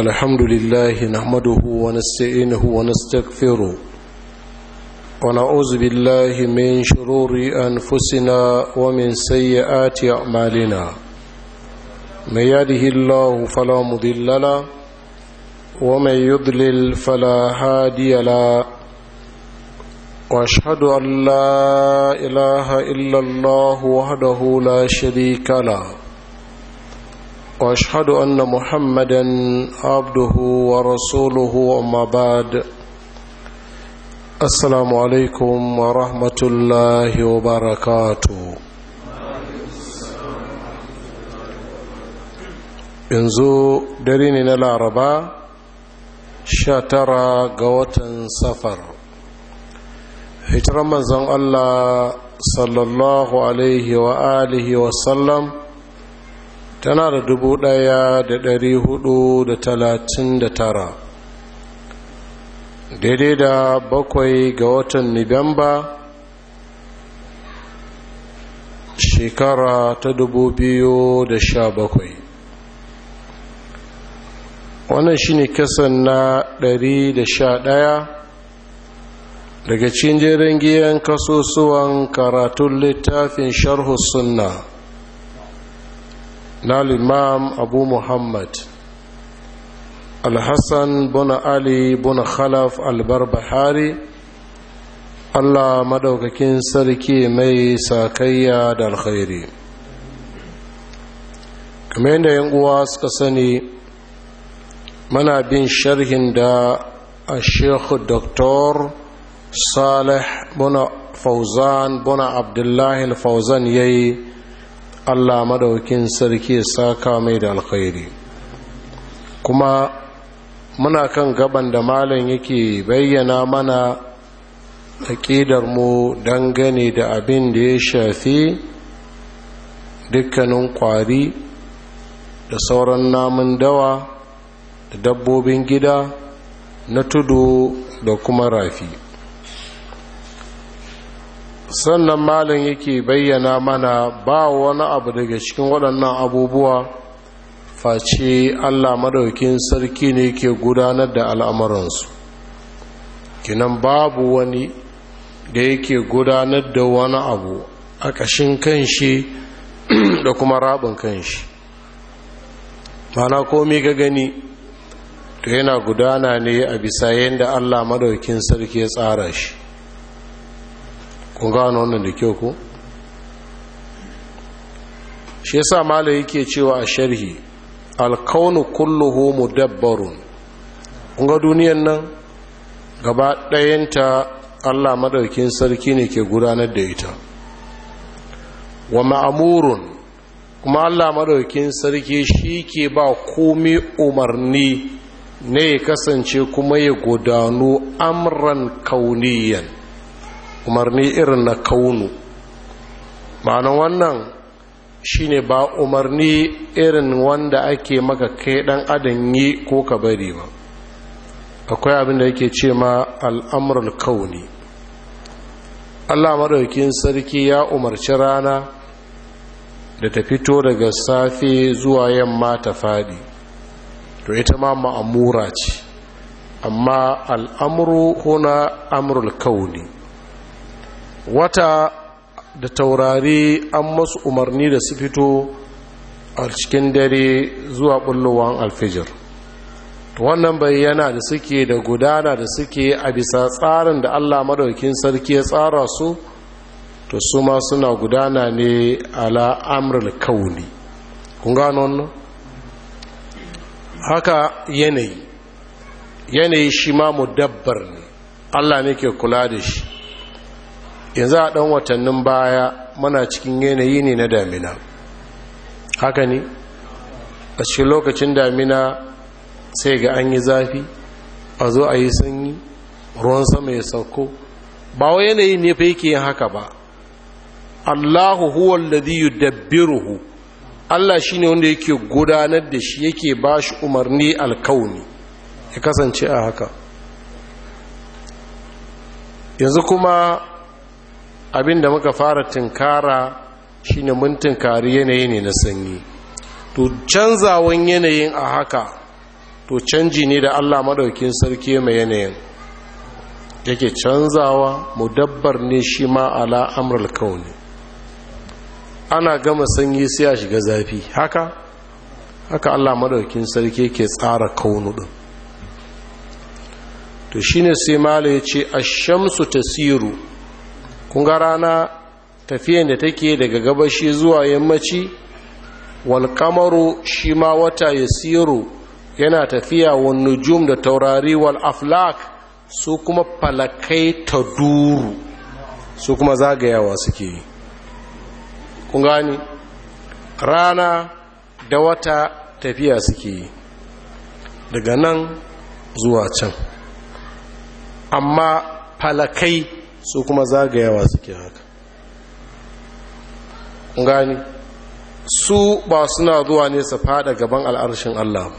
الحمد لله نحمده ونستعينه ونستغفره ونعوذ بالله من شرور أنفسنا ومن سيئات أعمالنا من يده الله فلا مضل له ومن يضلل فلا هادي له واشهد ان لا اله الا الله وحده لا شريك له واشهد ان محمدا عبده ورسوله اما بعد السلام عليكم ورحمه الله وبركاته yanzu dare ne na laraba sha tara ga watan safar hitar manzon allah sallallahu alaihi wa alihi wasallam tana da dubu ɗaya da ɗari hudu da talatin da tara daidai da bakwai ga watan nibamba shekara ta dubu biyu da sha bakwai wannan shi ne kasan na ɗari da sha ɗaya daga cikin jirgin giyan kasusuwan karatun littafin sharhu sunna na limam abu muhammad alhassan buna ali buna khalaf albarbahari allah maɗaukakin sarki mai sakayya da alkhairi kamar yadda yan uwa suka sani mana bin sharhin da a shekhu doktor salih buna fauzan abdullahi fauzan ya yi allah madaukin sarki ya saka mai da alkhairi kuma muna kan gaban da malam yake bayyana mana mu dangane da abin da ya shafi dukkanin kwari da sauran namun dawa da dabbobin gida na tudu da kuma rafi sannan malin yake bayyana mana ba wani abu daga cikin waɗannan abubuwa face allah maɗaukin sarki ne ke gudanar da al'amuransu kinan babu wani da yake gudanar da wani abu a ƙashin kanshi da kuma rabin kanshi mana komi ga gani to yana gudana ne a bisa yadda allah maɗaukin sarki ya tsara shi kun gano wannan da kyau ko shi yasa malai yake cewa a sharhi alkaunu kulluhu mudabbarun kun ga duniyan nan gaba ɗayanta allah maɗaukin sarki ne ke gudanar da ita wa ma'amurun kuma allah maɗaukin sarki shi ke ba komi umarni ne ya kasance kuma ya gudanu amran kauniyan umarni irin na kaunu ma'anan wannan shine ba umarni irin wanda ake maka kai dan adam yi ko ka bari ba akwai abin da yake ce ma al'amuran kauni allah maɗaukin sarki ya umarci rana da ta fito daga safe zuwa yamma ta faɗi to ita ma ma'amura ce amma al'amuru na amurul kauni wata da taurari an masu umarni da su fito a cikin dare zuwa bullowan alfijir wannan bayyana da suke da gudana da suke a bisa tsarin da allah madaukin sarki ya tsara su to su ma suna gudana ne ala amril kauni kun gano wannan haka yanayi yanayi shi ma dabbar ne allah ne ke kula da shi yanzu a ɗan watannin baya mana cikin yanayi ne na damina haka ne a cikin lokacin damina sai ga an yi zafi a zo a yi sanyi ruwan sama ya sauko ba wa yanayi ne fa yake yin haka ba allahu huwa alladhi yudabbiruhu allah ne wanda yake gudanar da shi yake ba shi umarni alkauni ya kasance a haka yanzu kuma abin da muka fara tinkara shine mun tinkari yanayi ne na sanyi to canzawan yanayin a haka to canji ne da allah maɗaukin sarki mai yanayin yake canzawa mu dabbar ne shi ma ala amral kauni ana gama sanyi sai a shiga zafi haka haka allah maɗaukin sarki ke tsara kaunu ɗin to shine sai mala ya ce ashamsu tasiru Kunga rana tafiyan da take daga gabashi zuwa yammaci walƙamaru shi ma wata ya siro yana tafiya wani nujum da taurari wal aflak su kuma falakai ta duru su kuma zagayawa suke yi kun rana da wata tafiya suke yi daga nan zuwa can amma falakai su kuma zagayawa suke haka gani su ba suna zuwa ne su fada gaban al'arshin Allah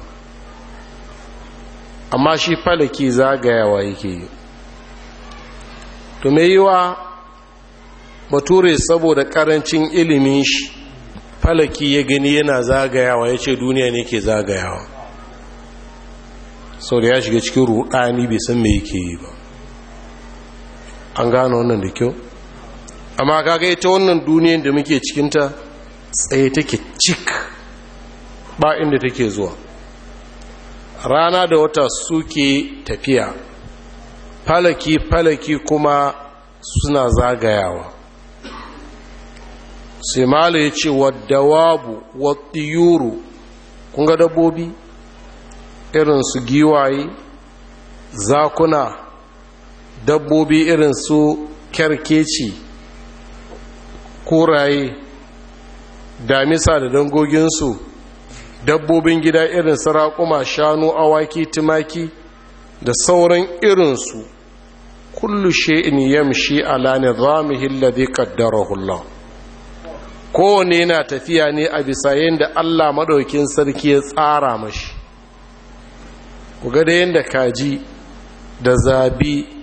amma shi falaki zagayawa yake yi to yi wa bature saboda karancin ilimin shi falaki ya gani yana zagayawa ya ce duniya ne ke zagayawa sau da ya shiga cikin rudani bai san me yake yi ba an gano wannan da kyau amma kaga ita wannan duniyar da muke cikinta tsaye take cik ba inda take zuwa rana da wata suke tafiya falaki-falaki kuma suna zagayawa sai malu ya ce wadda wabu wadda yuru kunga dabbobi irin su giwaye zakuna dabbobi irin su kyarkeci kuraye damisa da dangoginsu dabbobin gida irin su raƙuma shanu awaki tumaki da sauran irinsu kullu sha'in yamshi ala nizamihi alladhi qaddarahu Allah kowane yana tafiya ne a bisa yadda Allah madaukin sarki ya tsara mashi ku ga da yadda kaji da zabi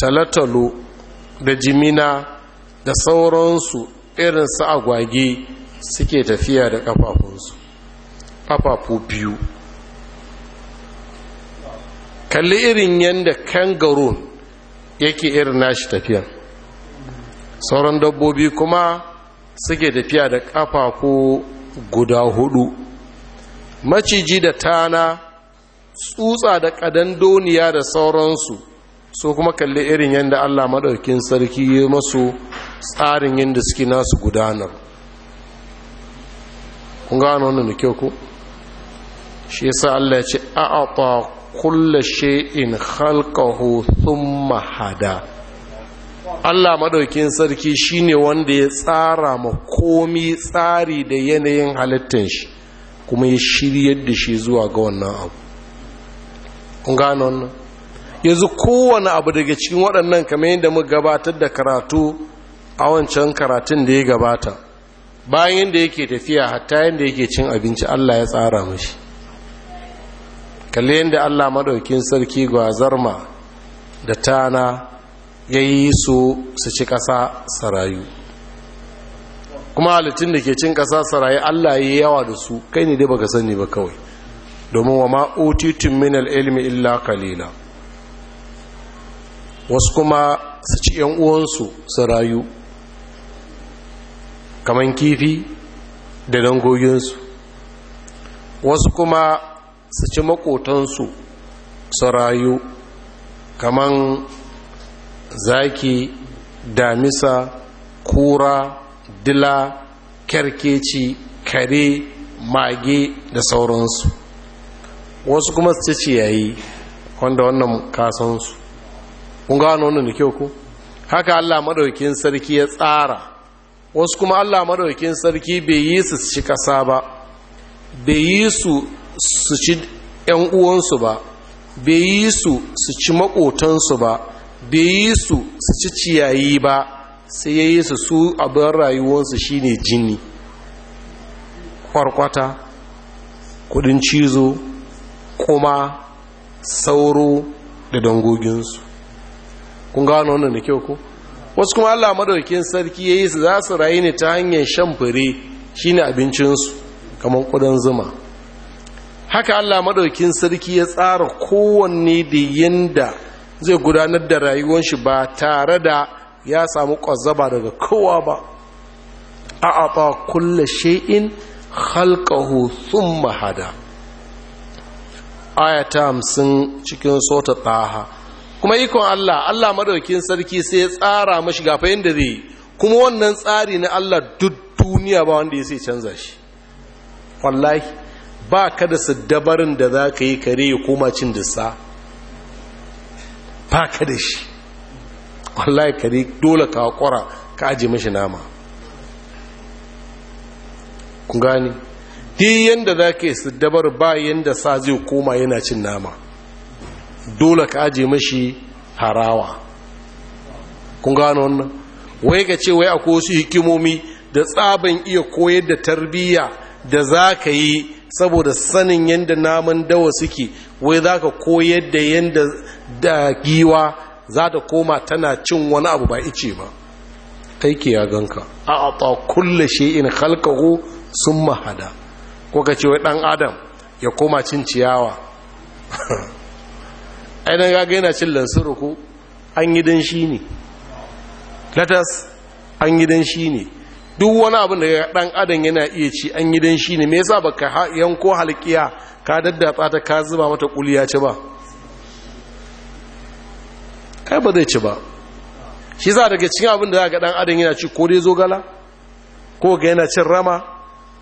talatalo da jimina da sauransu irin su agwage suke tafiya da kafafunsu ƙafafu biyu kalli irin yadda kangaroo yake irin nashi tafiya sauran dabbobi kuma suke tafiya da ƙafafu guda hudu maciji da tana tsutsa da doniya da sauransu so kuma kalli irin yadda allah maɗaukin sarki ya masu tsarin yadda suke nasu gudanar kun gano wannan da kyau ku shi yasa allah ya ce a'ata kulla shay'in khalqahu thumma hada allah maɗaukin sarki shine wanda ya tsara ma komi tsari da yanayin halittar shi kuma ya shiryar da shi zuwa ga wannan abu kun gano wannan yanzu kowane abu daga cikin waɗannan kamar yadda mu gabatar da karatu a wancan karatun da ya gabata bayan yadda yake tafiya hatta yadda yake cin abinci Allah ya tsara mashi kalli yadda Allah maɗaukin sarki gwazarma da tana ya yi su su ci ƙasa sarayu kuma halittun da ke cin ƙasa sarayu Allah ya yi yawa da su kai ne dai baka sani ba kawai domin wa ma'utitun minal ilmi illa kalila wasu kuma su ci yan uwansu su rayu kamar kifi da dangoginsu wasu kuma su ci makotansu su rayu kaman zaki damisa kura dila kerkeci kare mage da sauransu wasu kuma su ci ciyayi wanda wannan kasansu kun gano wannan da kyau ko haka Allah madaukakin sarki ya tsara wasu kuma Allah madaukakin sarki bai yi su ci kasa ba bai yi su su ci ƴan uwansu ba bai yi su su ci maƙotansu ba bai yi su su ci ciyayi ba sai ya yi su su abin rayuwarsu ne jini kwarkwata kudin cizo kuma sauro da dangoginsu kun gano wannan da kyau ko wasu kuma Allah madaukakin sarki yayi su za su rayu ne ta hanyar shan fure shine abincin su kamar kudan zuma haka Allah madaukakin sarki ya tsara kowanne da yanda zai gudanar da rayuwar shi ba tare da ya samu kwazzaba daga kowa ba a'ata kullu shay'in khalqahu thumma hada ayata 50 cikin sota taha kuma ikon Allah Allah madaukin sarki sai ya tsara mashi fayin da zai kuma wannan tsari na Allah duk duniya ba wanda ya sai canza shi wallahi ba ka da saddabarin da za ka yi kare ya koma cin dusa ba ka da shi wallahi kare dole ka kwara ka aji mashi nama Kungani gani duk yadda za ka yi saddabar ba da sa zai koma yana cin nama dole ka aje mashi harawa kun gano wannan wai ka ce wai akwai wasu hikimomi da tsaban iya koyar da tarbiyya da za ka yi saboda sanin yadda namun dawa suke wai za ka koyar da yadda da giwa za ta koma tana cin wani abu ba ice ba kai ke ya ganka a ata kulle shi in halkahu sun mahada ko ka ce wai dan adam ya koma cin ciyawa ainihin gaga yana cin lansuru ko an yi dan shi ne latas an yi dan shi ne duk wani abin da ɗan adam yana iya ci an yi dan shi ne me yasa ba ka yanko halkiya ka daddatsa ta ka zuba mata kuliya ci ba kai ba zai ci ba shi za daga cikin abin da za ga ɗan adam yana ci ko dai zogala ko ga yana cin rama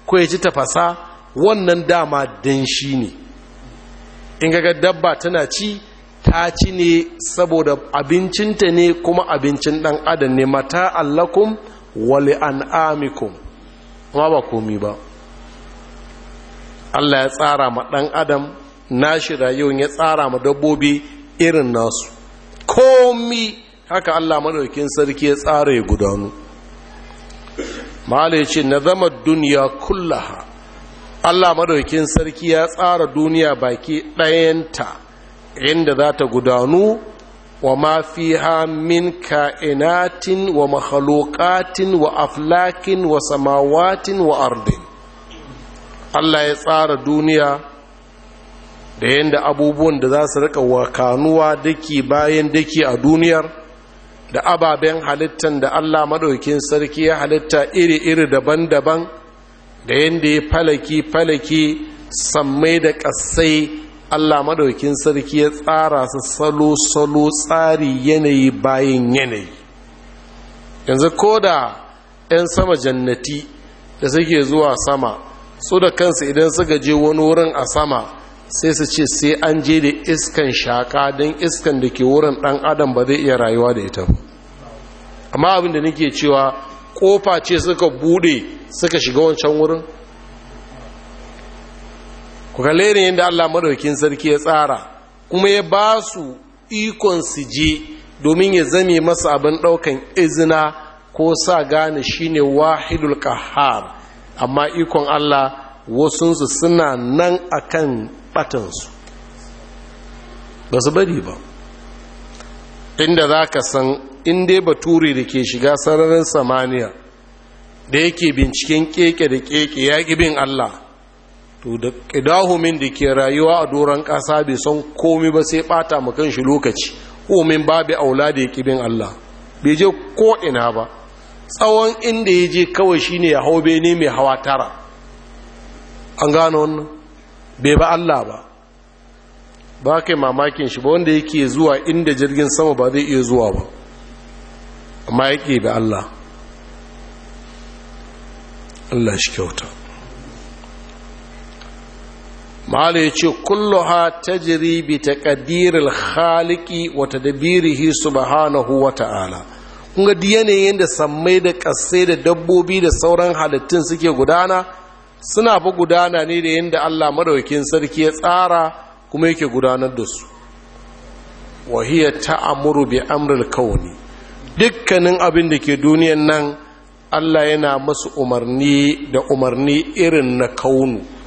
ko ya ci tafasa wannan dama dan shi ne in ga dabba tana ci ta ci ne saboda abincinta ne kuma abincin dan adam ne mata allakum wali an'amikum kuma ba komi ba Allah ya tsara ma dan adam nashi rayuwa ya tsara ma dabbobi irin nasu komi haka Allah madaukin sarki ya tsara ya gudanu ya ce na zama duniya kullaha Allah madaukin sarki ya tsara duniya baki ɗayanta Yanda za ta gudanu wa ma min ka'inatin wa makhluqatin wa aflakin wa samawatin wa ardin Allah ya tsara duniya da yadda abubuwan da za su rika wakanuwa daki bayan daki a duniyar da ababen halittan da Allah maɗaukin sarki ya halitta iri-iri daban-daban da yadda ya falaki-falaki sammai da ƙasai Allah madaukin sarki ya tsara su salo-salo tsari yanayi bayan yanayi yanzu ko da 'yan sama jannati da suke zuwa sama su da kansu idan suka je wani wurin a sama sai su ce sai an je da iskan shaka don iskan da ke wurin ɗan adam ba zai iya rayuwa da ita amma abin da nake cewa kofa ce suka bude suka shiga wancan wurin ku kalle yadda Allah madaukin sarki ya tsara kuma ya ba su ikon su je domin ya zame masa abin ɗaukan izina ko sa gane shine wahidul kahar amma ikon Allah wasunsu suna nan akan batansu ba su bari ba inda za ka san inda bature da ke shiga sararin samaniya da yake binciken keke da keke ya bin Allah to da ƙidahumin da ke rayuwa a doron ƙasa bai san komi ba sai ɓata kan shi lokaci komin babu aula da ya ƙibin Allah bai je ko'ina ba tsawon inda ya je kawai shi ne ya hau bene mai hawa tara an gano wannan bai ba Allah ba ba kai mamakin shi ba wanda yake zuwa inda jirgin sama ba zai iya zuwa ba amma yake bi Allah Allah shi kyauta Malu ya ce kulluha ta bi taqdiril wata wa tadbirihi subhanahu wa ta'ala kun yanayin da sammai da ƙasai da dabbobi da sauran halittun suke gudana suna fi gudana ne da yadda Allah madaukakin sarki ya tsara kuma yake gudanar da su wahiyar ta ta'muru bi amril kauni dukkanin abin da ke duniyan nan Allah yana masu umarni da umarni irin na kaunu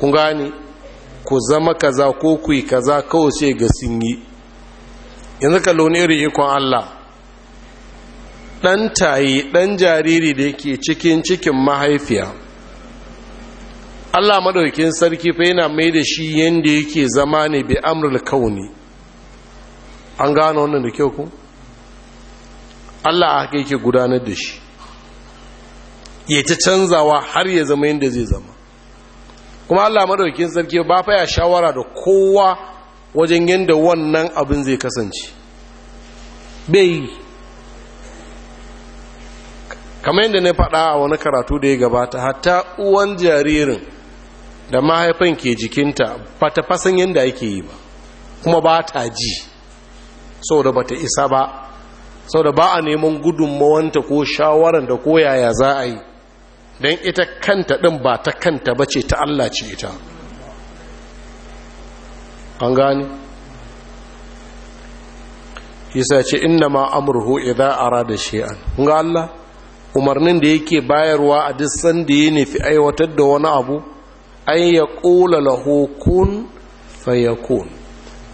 kun gane ku zama kaza ko ku yi kaza kawai sai ga sun yi yanzu kallo ne irin ikon Allah ɗan tayi ɗan jariri da yake cikin cikin mahaifiya Allah maɗaukin sarki fa yana mai da shi yadda yake zama ne bi amrul kauni an gano wannan da kyau ku Allah haka yake gudanar da shi ya ta canzawa har ya zama yadda zai zama kuma Allah madaukin sarki ba fa ya shawara da kowa wajen yadda wannan abin zai kasance bai kamar yadda na faɗa a wani karatu da ya gabata hatta uwan jaririn da mahaifin ke jikinta ba ta fasan yadda ake yi ba kuma ba ta ji sau da ba ta isa ba sau da ba a neman gudunmawanta ko shawaran da ko yaya za a yi don ita kanta ɗin ba ta kanta ba ce ta Allah ce ita an gani isa ce inna ma amurhu idan ara da shi'an ga Allah umarnin da yake bayarwa a duk sanda ya nufi aiwatar da wani abu an ya ƙula lahokun fayakun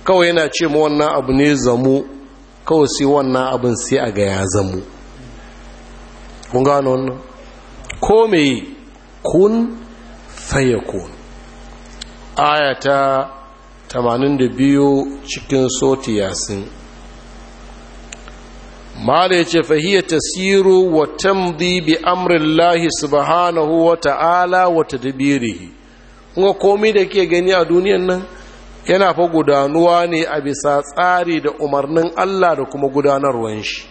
kawai yana ce ma wannan abu ne zamu kawai sai wannan abin sai a ga ya zamu kun gano wannan ko mai kun fayakun ayata 82 cikin soti yasin mala ya ce fahiyya tasiru wa tamdi bi amrillahi subhanahu wa ta'ala wa tadbirihi kuma komai da ke gani a duniyan nan yana fa gudanuwa ne a bisa tsari da umarnin Allah da kuma gudanarwan shi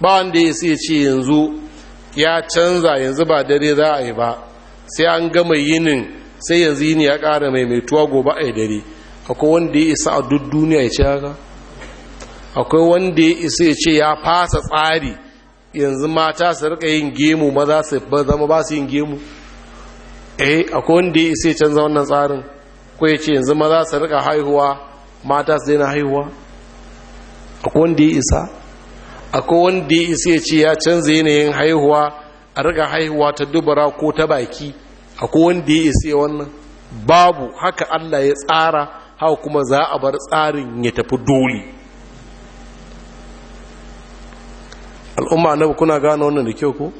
ba wanda ya sai ce yanzu ya canza yanzu ba dare za a yi ba sai an gama yinin sai yanzu yini ya ƙara tuwa gobe a yi dare akwai wanda ya isa a duk duniya ya ce haka akwai wanda ya isa ya ce ya fasa tsari yanzu mata su rika yin gemu maza su zama ba su yin gemu eh akwai wanda ya isa ya canza wannan tsarin ko ya ce yanzu maza su rika haihuwa mata su daina haihuwa akwai wanda ya isa akwai wanda ya isa ya ce ya canza yanayin haihuwa a riga haihuwa ta dubara ko ta baki akwai wanda ya isa wannan babu haka Allah ya tsara hau kuma za a bar tsarin ya tafi dole al'umma na kuna gane wannan da kyau ko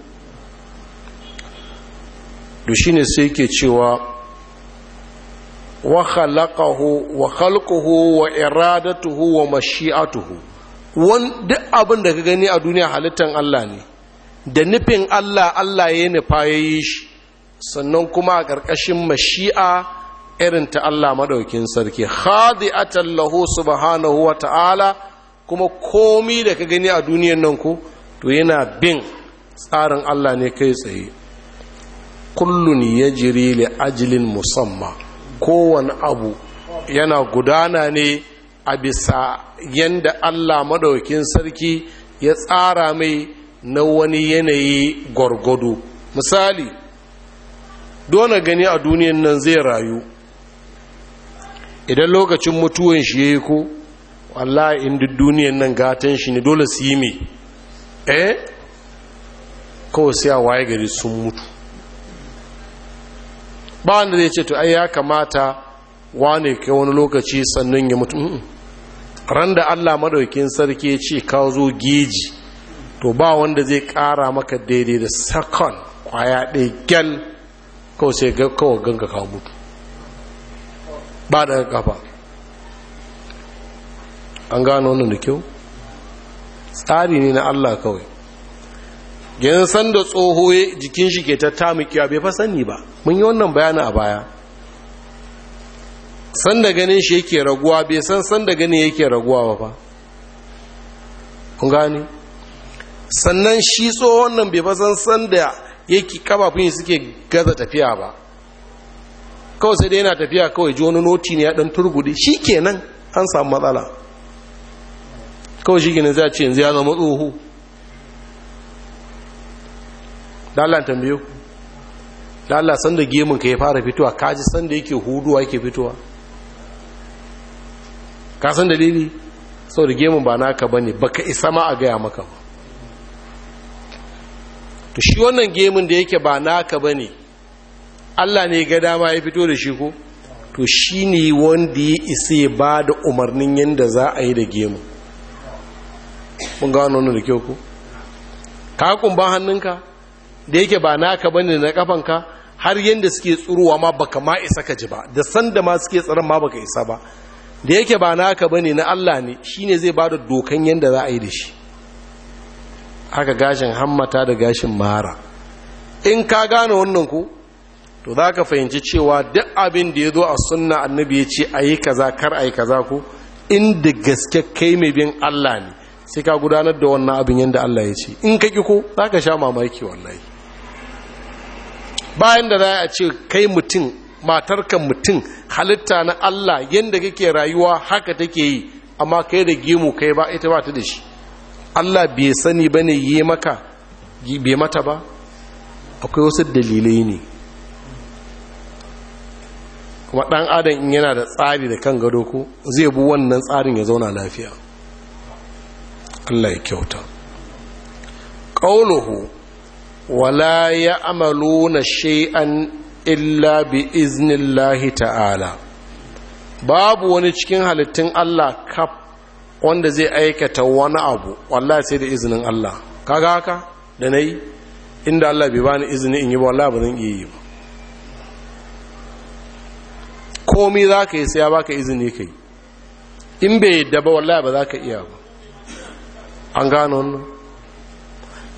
to shine sai yake cewa wa khalaqahu wa khalquhu wa iradatuhu wa mashi'atuhu duk abin da ka gani a duniya halittar Allah ne da nufin Allah Allah ya nufa ya yi shi sannan kuma a ƙarƙashin mashi'a irin ta Allah maɗaukin sarki khadi'atan lahu subhanahu wa ta'ala kuma komi da ka gani a duniyan nan ku, to yana bin tsarin Allah ne kai tsaye kullun yajri li ajilin musamma kowane abu yana gudana ne a bisa yadda Allah madaukin sarki ya tsara mai na wani yanayi gwargwado misali dole gani a duniyan nan zai rayu idan lokacin mutuwan shi ya yi ko wallahi in duk duniyan nan gatan shi ne dole su yi mai, eh kawai sai a waye gari sun mutu ba wanda zai ce to ai ya kamata wane kai wani lokaci sannan ya mutu ran da allah madaukin sarki ce ka zo geji to ba wanda zai ƙara maka daidai da sakon kwaya ɗaya gyal kawai sai kawai ganga ka mutu ba daga kafa an gano wannan da kyau tsari ne na allah kawai gyan san da tsoho jikin shi ke ta tamukiya bai fasani ba mun yi wannan bayanin a baya sanda ganin shi yake raguwa bai san sanda ganin yake raguwa ba kun gani sannan shi tsohon nan bai san sanda yake kafafun suke gaza tafiya ba kawai sai dai yana tafiya kawai ji wani noti ne ya dan turgudi shi kenan an samu matsala kawai shi kenan zai ce yanzu ya zama tsoho dalan tambayo da Allah da gemun ka ya fara fitowa kaji san da yake huduwa yake fitowa ka san dalili sau da gemun ba naka ba ne baka isa ma a gaya maka ba to shi wannan gemun da yake ba naka ba ne allah ne ga dama ya fito da shi ko to shi ne wanda ya isa ba da umarnin yadda za a yi da gemu mun ga wannan da kyau ko ka ba hannunka da yake ba naka bane na kafanka har yadda suke tsuruwa ma baka ma isa ka ji ba da sanda ma suke tsaron ma baka isa ba da yake ba naka ne na Allah ne shi ne zai ba da dokan yadda za a yi da shi haka gashin hammata da gashin mara in ka gane wannan ku to za ka fahimci cewa duk abin da ya zo a sunna annabi ya ce a yi kaza kar a yi kaza ku inda gaske kai mai bin Allah ne sai ka gudanar da wannan abin yadda Allah ya ce in ka ki ko za ka sha mamaki wallahi bayan da za a ce kai mutum matarka mutum halitta na Allah yadda kake rayuwa haka take yi amma kai da gemu kai ba ita ba ta da shi Allah bai sani ba ne yi maka bai mata ba akwai wasu dalilai ne kuma ɗan adam in yana da tsari da kan gado ko zai bu wannan tsarin ya zauna lafiya Allah ya kyauta ƙaunuhu wala ya amalo na shay'an illa bi iznillahi ta'ala babu wani cikin halittun Allah kaf wanda zai aikata wani abu wallahi sai da izinin Allah kaga haka da nayi inda Allah bai bani izini in yi wallahi ba zan iya yi ba komai za ka yi sai ya baka izini ka yi in bai yadda ba wallahi ba za ka iya ba an gano wannan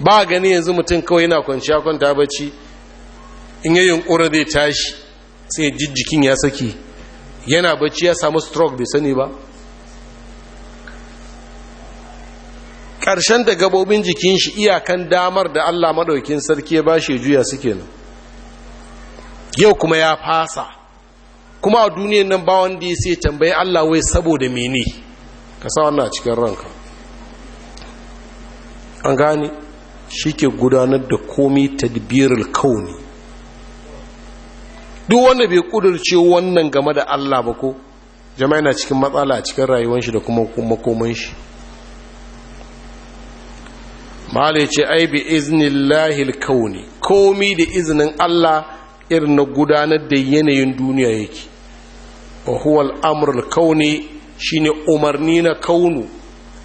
ba gani yanzu mutum kawai yana kwanciya kwanta bacci in yi yunkura zai tashi sai jijjikin ya saki yana bacci ya samu stroke bai sani ba ƙarshen da gabobin jikin shi iyakan damar da allah maɗaukin sarki ya bashi shi juya suke nan yau kuma ya fasa kuma a duniyan nan ba wanda ya sai tambayi allah wai saboda mene ka sa wannan cikin ranka an gane shi ke gudanar da komi tadbirul kauni duk wanda bai kudurce wannan game da Allah ba ko jama'a na cikin matsala a cikin rayuwar shi da kuma makoman shi malai ce ai bi iznillahi alkauni komi da iznin Allah irin na gudanar da yanayin duniya yake wa huwa al'amr alkauni shine umarni na kaunu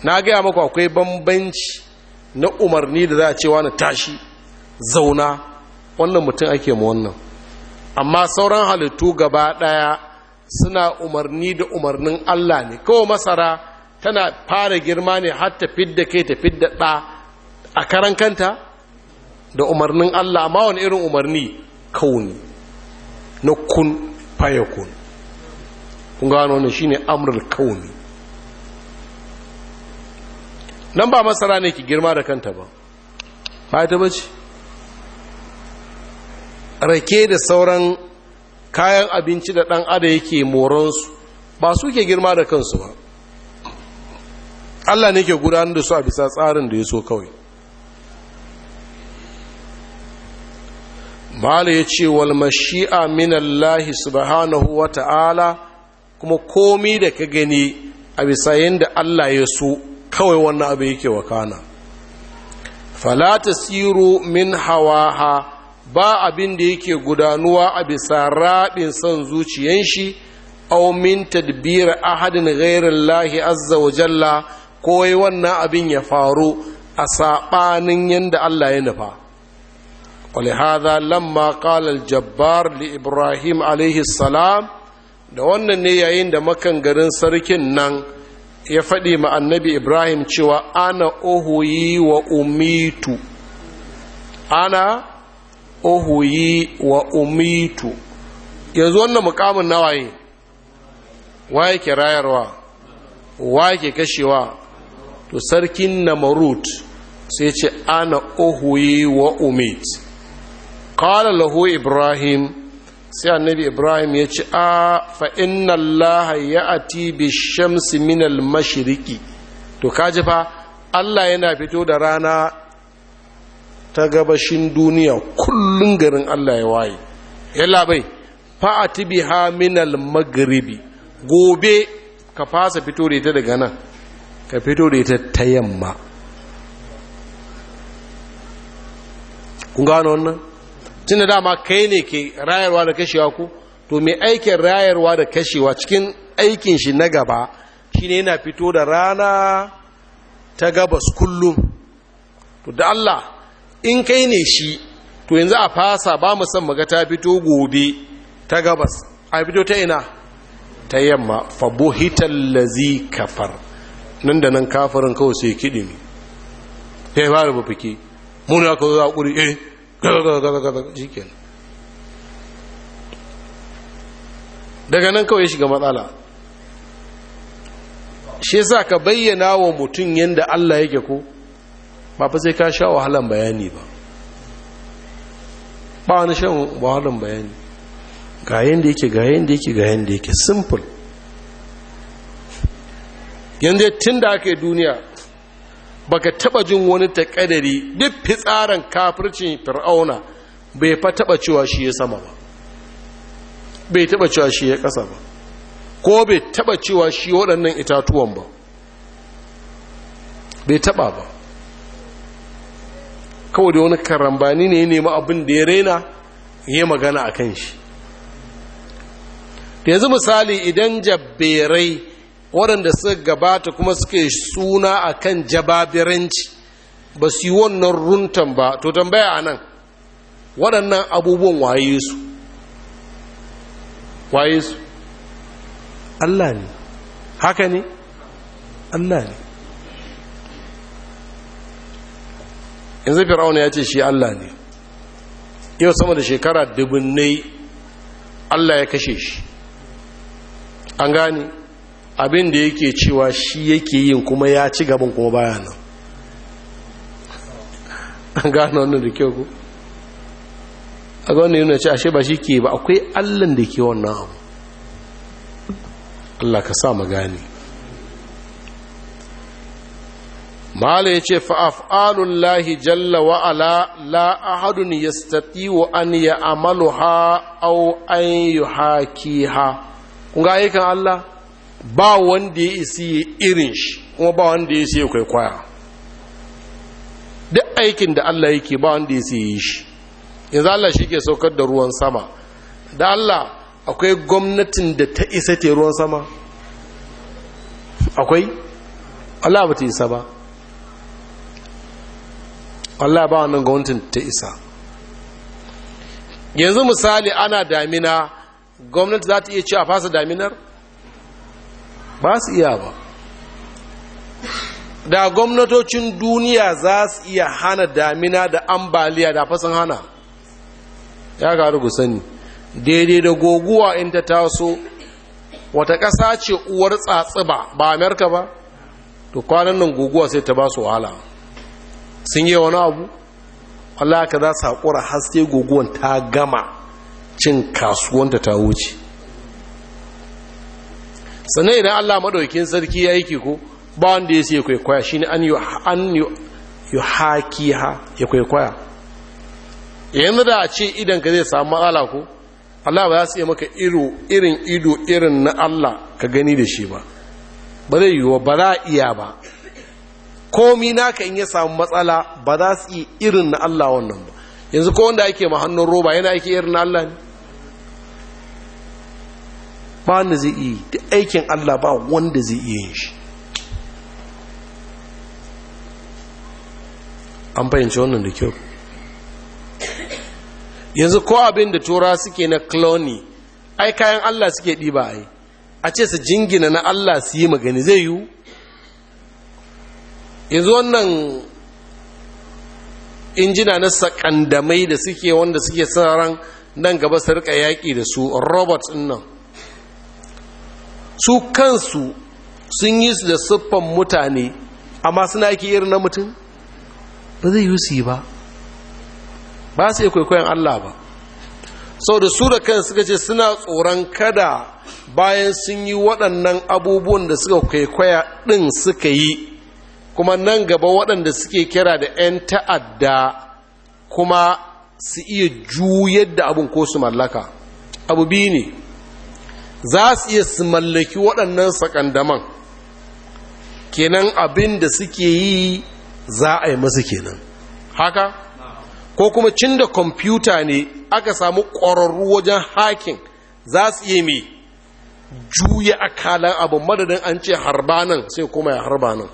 na gaya maku akwai bambanci na umarni da za a ce wani tashi zauna wannan mutum ake ma wannan amma sauran halittu gaba ɗaya suna umarni da umarnin Allah ne kawai masara tana fara girma ne har ta fidda kai ta fidda ɗa a karan kanta da umarnin Allah amma wani irin umarni kauni na kun faya kun kun gano wannan shine amrul kauni nan ba masara ne ki girma da kanta ba ba ta bace rake da sauran kayan abinci da ɗan ada yake moronsu ba su ke girma da kansu ba allah ne ke gudanar da su a bisa tsarin da ya so kawai bala ya ce wal mashi'a minallahi subhanahu wa ta'ala kuma komi da ka gani a bisa yadda allah ya so kawai wannan abu yake wakana falata siru min hawaha ba abin da yake gudanuwa a bisa raɗin son zuciyan shi aw min tadbir ahadin ghairin lahi azza wa jalla ko wannan abin ya faru a saɓanin yadda Allah ya nufa ولهذا lamma قال الجبار لإبراهيم عليه السلام da wannan ne yayin da makan garin sarkin nan ya faɗi ma annabi ibrahim cewa ana ohoyi wa umitu ana ohuyi wa umitu yanzu wannan mukamin nawaye waye ke rayarwa waye ke kashewa to sarkin na Marut sai ce ana ohuyi wa umit kala lahu ibrahim sai annabi ibrahim ya ce a fa inna ya ya'ti bi shamsi min al to kaji fa Allah yana fito da rana ta gabashin duniya kullum garin Allah ya waye yalla bai fa'ati biha minal magribi gobe ka fasa fito da ita daga nan ka fito da ita ta yamma kun gano wannan tun da dama kai ne ke rayarwa da kashewa ku to mai aikin rayarwa da kashewa cikin aikin shi na gaba shine yana fito da rana ta gabas kullum to da Allah in kai ne shi to yanzu a fasa ba mu san maga ta fito gobe ta gabas a fito ta ina ta yamma fabohitar lazi kafar nan da nan kafarin kawai sai kiɗi ne ta yi fara bafike muni aka zo a ƙuri eh gagagagagaga shi kenan daga nan kawai shiga matsala shi sa ka bayyana wa mutum yadda allah yake ko ba fa sai ka sha wahalan bayani ba ba wani shan wahalan bayani ga yadda yake ga yadda yake ga yadda yake simple yanzu tun da aka yi duniya baka taba jin wani taƙadari duk fitsarin kafircin fir'auna bai fa taba cewa shi ya sama ba bai taba cewa shi ya kasa ba ko bai taba cewa shi waɗannan itatuwan ba bai taba ba kawai da wani karambani ne ya nemi abin da ya raina ya magana a kan shi da yanzu misali idan jabberai waɗanda suka gabata kuma suke suna a kan jababiranci ba su yi wannan runtan ba to tambaya a nan waɗannan abubuwan waye su waye su Allah ne haka ne Allah ne yanzu fir'auna ya ce shi Allah ne yau sama da shekara ne Allah ya kashe shi an gane abin da yake cewa shi yake yin kuma ya ci gaban kuma baya an gane wannan da kyau ku a ga yana ce ashe ba shi ke ba akwai allan da ke wannan abu Allah ka sa magani gane mala ya ce fa'af'alullahi jalla wa'ala la ahadun wa an ya amalu ha au an yi haki ha kunga ayyukan Allah ba wanda ya isi irin shi kuma ba wanda ya isi kwaikwaya duk aikin da Allah yake ba wanda ya isi yi shi yanzu Allah shi ke saukar da ruwan sama da Allah akwai gwamnatin da ta isa te ruwan sama akwai Allah ba ta isa ba Allah ba wannan gwamnatin ta isa yanzu misali ana damina gwamnati za ta iya ci a fasa daminar ba su iya ba da gwamnatocin duniya za su iya hana damina da ambaliya da fasan hana ya gari ku sani daidai da goguwa in ta taso wata ƙasa ce uwar tsatsiba ba amerika ba to kwanan nan guguwa sai ta ba su wahala sun yi wani abu Allah ka za su haƙura haske guguwan ta gama cin kasuwanta ta wuce sannan idan Allah maɗaukin sarki ya yi kiko ba wanda ya sai kwaikwaya shi ne an yi haki ha ya kwaikwaya yanzu da a ce idan ka zai samu matsala ko Allah ba za su yi maka irin ido irin na Allah ka gani da shi ba ba zai yiwuwa ba za a iya ba komi naka in ya samu matsala ba za su yi irin na Allah wannan ba yanzu ko wanda ake ma hannun roba yana aiki irin na Allah ne ba wanda zai iya da aikin Allah ba wanda zai iya yin shi an fahimci wannan da kyau yanzu ko abin da tura suke na cloni ai kayan Allah suke ɗiba ai a ce su jingina na Allah su yi magani zai yiwu yanzu wannan injina na sakandamai da suke wanda suke ran nan gaba su rika yaƙi da su robots nan su kansu sun yi su da siffan mutane amma suna ake irin na mutum ba zai yi su ba ba su yi kwaikwayon allah ba sau da su da kan suka ce suna tsoron kada bayan sun yi waɗannan abubuwan da suka kwaikwaya ɗin suka yi kuma nan gaba waɗanda suke kira da 'yan ta'adda kuma su iya juyar da abin ko su mallaka abu biyu ne za su iya su mallaki waɗannan sakandaman kenan abin da suke yi za a yi masu kenan haka ko kuma cin da kwamfuta ne aka samu ƙwararru wajen hakin za su iya mai juya akalan abin madadin an ce harbanan sai kuma ya harbanan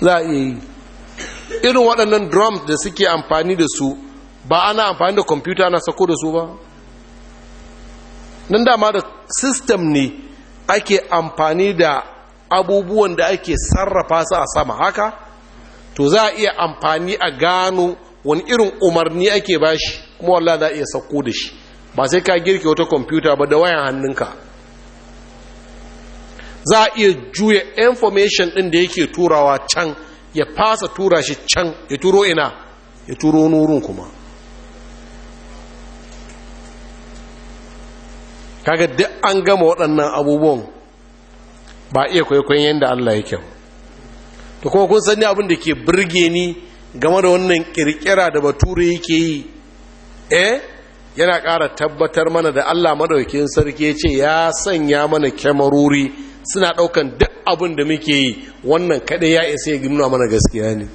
za a yi irin waɗannan drums da suke amfani da su ba ana amfani da kwamfuta na sako da su ba nan dama da system ne ake amfani da abubuwan da ake sarrafa su a sama haka to za a iya amfani a gano wani irin umarni ake bashi kuma wallah za a iya sako da shi ba sai ka girke wata kwamfuta ba da wayan hannunka za a iya juya information ɗin da yake turawa can ya fasa tura shi can ya turo ina ya turo nurun kuma kaga duk an gama waɗannan abubuwan ba iya kwaikwayon yadda Allah ya kyau to kuma kun sani abin da ke birge ni game da wannan ƙirƙira da bature yake yi eh yana ƙara tabbatar mana da Allah maɗaukin sarki ya ce ya sanya mana kyamarori suna ɗaukan duk abin da muke yi wannan kaɗai ya isa ya gina mana gaskiya ne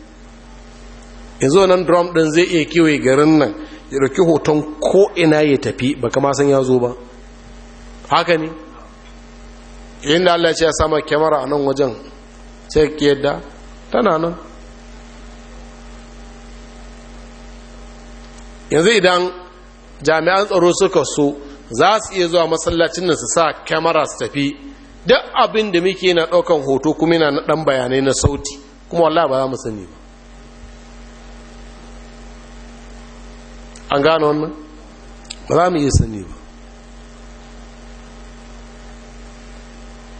yanzu nan drum ɗin zai iya kewaye garin nan ya ɗauki hoton ko'ina ya tafi ba kama san ya zo ba haka ne inda Allah ce ya sama kyamara a nan wajen sai ki yadda tana nan yanzu idan jami'an tsaro suka so za su iya zuwa masallacin nan su sa kyamara su tafi duk abin da muke na ɗaukan hoto kuma yana na ɗan bayanai na sauti kuma wallah ba za mu sani ba an gano wannan ba za mu iya sani ba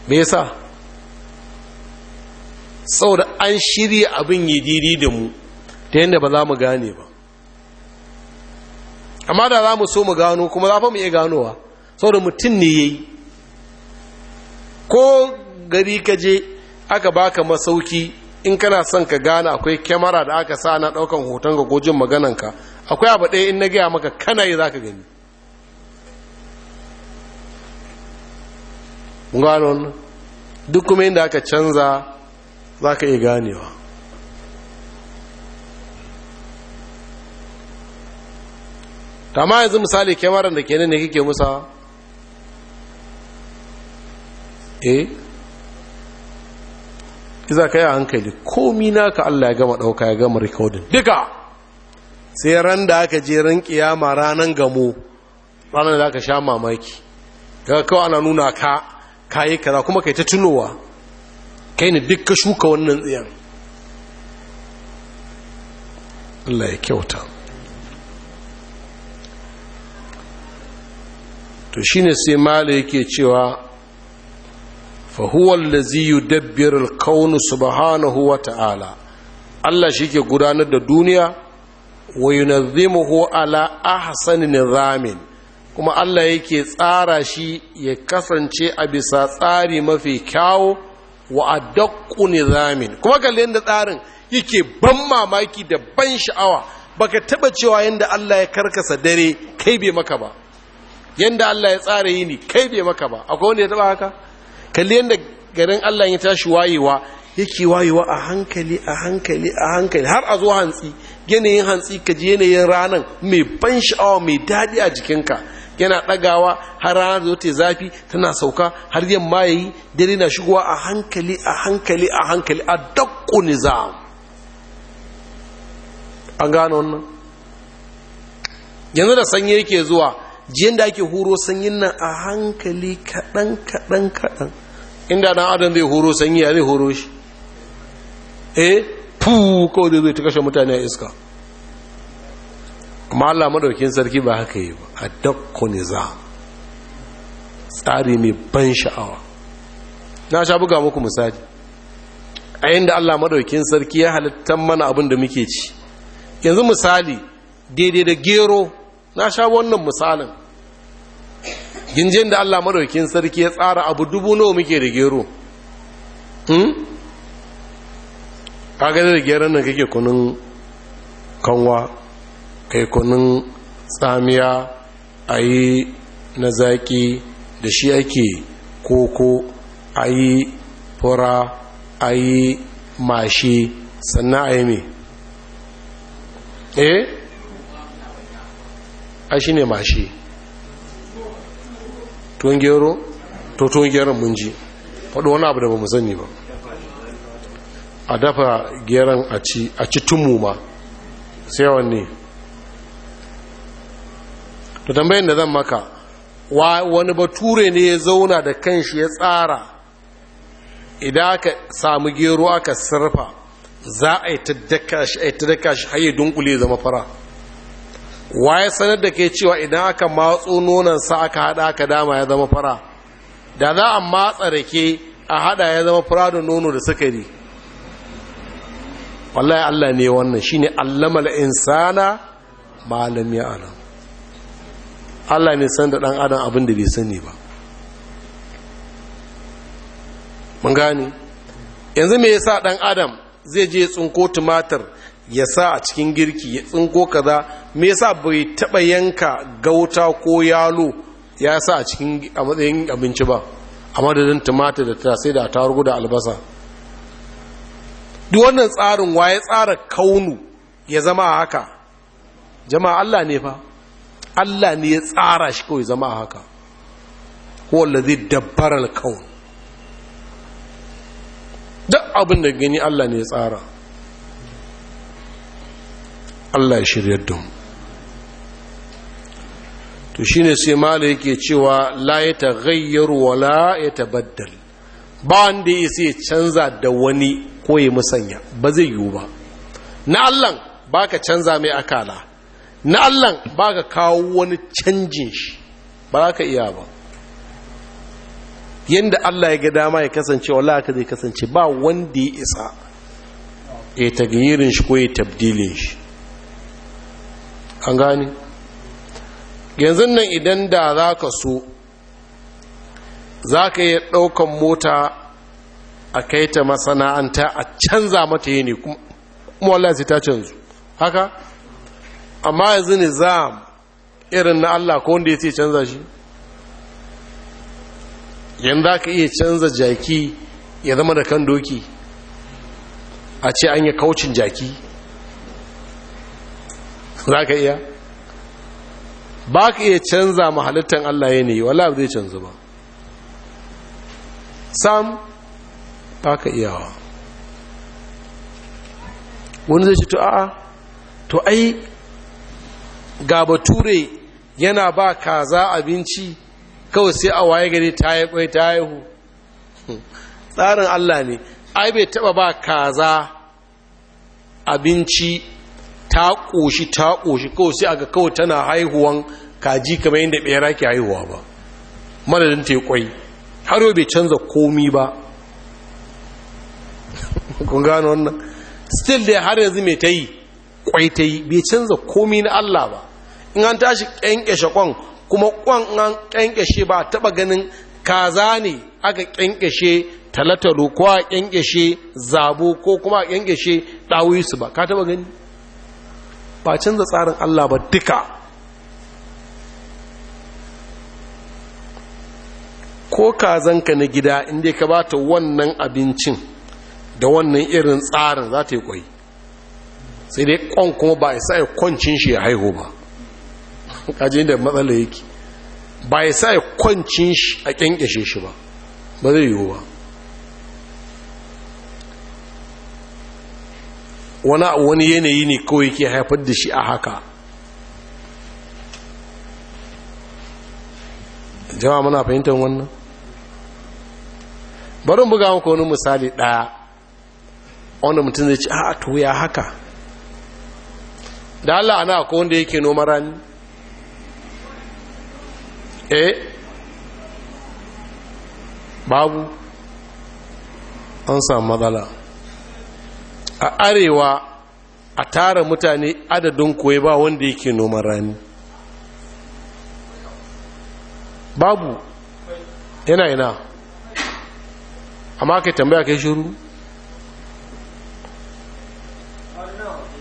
me yasa saboda an shirya abin yi didi da mu ta yadda ba za mu gane ba amma da za mu so mu gano kuma za fa mu iya ganowa saboda mutum ne ya yi ko gari ka je aka baka masauki in kana son ka gane akwai kyamara da aka sa na ɗaukan hoton ga gojin magananka akwai abu ɗaya in na gaya maka kana yi za ka gani ganon duk kuma inda aka canza za ka iya ganewa ta ma yanzu misali kyamaran da kenan ne kake musa. eh iza ka yi a hankali komi naka Allah ya gama ɗauka ya gama rikodin duka sai ran da aka je ran kiyama ranan gamo ranar da aka sha mamaki daga kawai ana nuna ka kayi kaza kuma kai ta tunowa kai ne duk ka shuka wannan tsayan. Allah ya kyauta to shine sai mala yake cewa fa huwa allazi yudabbiru al-kawn subhanahu wa ta'ala Allah shike gudanar da duniya wa yunazzimuhu ala ahsani nizamin kuma Allah yake tsara shi ya kasance a bisa tsari mafi kyawu wa a daƙu nizamin kuma kalle da tsarin yake ban mamaki da ban sha'awa baka taba cewa yanda Allah ya karkasa dare kai bai maka ba yanda Allah ya tsara yini kai bai maka ba akwai wanda ya taba haka kalli yadda garin Allah ya tashi wayewa yake wayewa a hankali a hankali a hankali har a zo hantsi yanayin hantsi ka ji yanayin ranar mai ban sha'awa mai daɗi a jikinka yana ɗagawa har ranar zo ta zafi tana sauka har yamma mayayi dare na shigowa a hankali a hankali a hankali a dakko nizam an gano wannan yanzu da sanyi yake zuwa jiyan da ake horo sanyin nan a hankali kaɗan kaɗan kaɗan inda 'dan adam zai horo sanyi ya zai horo shi eh pu kawai zai zai ta kashe mutane a iska amma Allah madaukin sarki ba haka yi ba a dakko za tsari mai ban sha'awa na sha buga muku misali a yadda Allah madaukin sarki ya halittar mana abin da muke ci yanzu misali daidai da gero na sha wannan misalin ginjin da Allah madaukin sarki ya tsara abu dubu nawa muke da gero hmm kaga da geron nan kake kunun kanwa kai kunun tsamiya ayi na zaki da shi ake koko ayi fura ayi mashi sannan ayi me eh a shi ne mashi tuwon gero to tuwon geron mun ji faɗo wani abu da ba mu sani ba a dafa geron a ci tumu ma sai wanne to tambayin da zan maka wani bature ne ya zauna da kanshi ya tsara idan aka samu gero aka sarfa za a yi ta daka shi har yi dunkule zama fara waye sanar da ke cewa idan aka matso nonansa aka hada aka dama ya zama fara da za a matsa rake a hada ya zama fara da nono da sukari wallahi Allah ne wannan shine allamal insana malam ya alam Allah ne san da dan adam abin da bai sani ba mun gani yanzu me yasa dan adam zai je tsinko tumatir ya sa a cikin girki ya tsinko kaza me yasa bai taba yanka gauta ko yalo ya sa a cikin a matsayin abinci ba a madadin tumatir da ta sai da tarugu da albasa duk wannan tsarin waye tsara kaunu ya zama a haka jama'a Allah ne fa Allah ne ya tsara shi kawai zama a haka huwa allazi dabbara al-kaun duk abin da gani Allah ne ya tsara Allah ya shiryar da mu to shine sai mala yake cewa la ya taghayyaru wa ya tabaddal ba wanda ya canza da wani ko ya musanya ba zai yiwu ba na Allah baka canza mai akala na Allah baka kawo wani canjin shi ba za ka iya ba yadda Allah ya ga dama ya kasance wala ka zai kasance ba wanda ya isa ya tagayirin shi ko ya tabdilin shi an gani yanzu nan idan da za ka so za ka yi ɗaukan mota a kai ta masana'anta a canza mata yi kuma wallah sai ta canzu haka amma yanzu ne za irin na Allah ko wanda ya ce canza shi yanzu za ka iya canza jaki ya zama da kan doki a ce an yi kaucin jaki za ka iya ba ka iya canza ma halittar Allah ya ne wala zai canzu ba sam ba ka iyawa wani zai ce to a'a to ai ga bature yana ba kaza abinci kawai sai a waye gari ta yi kwai ta haihu hmm. tsarin Allah ne ai bai taba ba kaza abinci ta ƙoshi ta ƙoshi kawai sai aga kawai tana haihuwan kaji kamar yadda ɓera ke haihuwa ba madadin ta yi ƙwai har yau bai canza komi ba kun gano wannan still dai har yanzu mai ta yi ƙwai ta yi bai canza komi na allah ba in an tashi ƙyanƙyashe ƙwan kuma ƙwan an ƙyanƙyashe ba taɓa ganin kaza ne aka ƙyanƙyashe talatalo ko a ƙyanƙyashe zabo ko kuma a ƙyanƙyashe su ba ka taɓa gani ba canza tsarin Allah ba duka ko kazanka na gida inda ka bata wannan abincin da wannan irin tsarin za ta yi kwai sai dai kwan kuma ba ya sa kwancin shi ya haihu ba kajin da matsala yake ba ya kwancin shi a kyankyashe shi ba ba zai yiwu ba wani wani yanayi ne kawai yake haifar da shi a haka jama'a muna fahimtar wannan barin buga muku wani misali ɗaya wanda mutum zai ci a ah, to ya haka da Allah ana ko wanda yake noma rani eh babu an samu matsala a arewa a tara mutane adadin koyi ba wanda yake noman rani babu yana yana amma ka tambaya kai shiru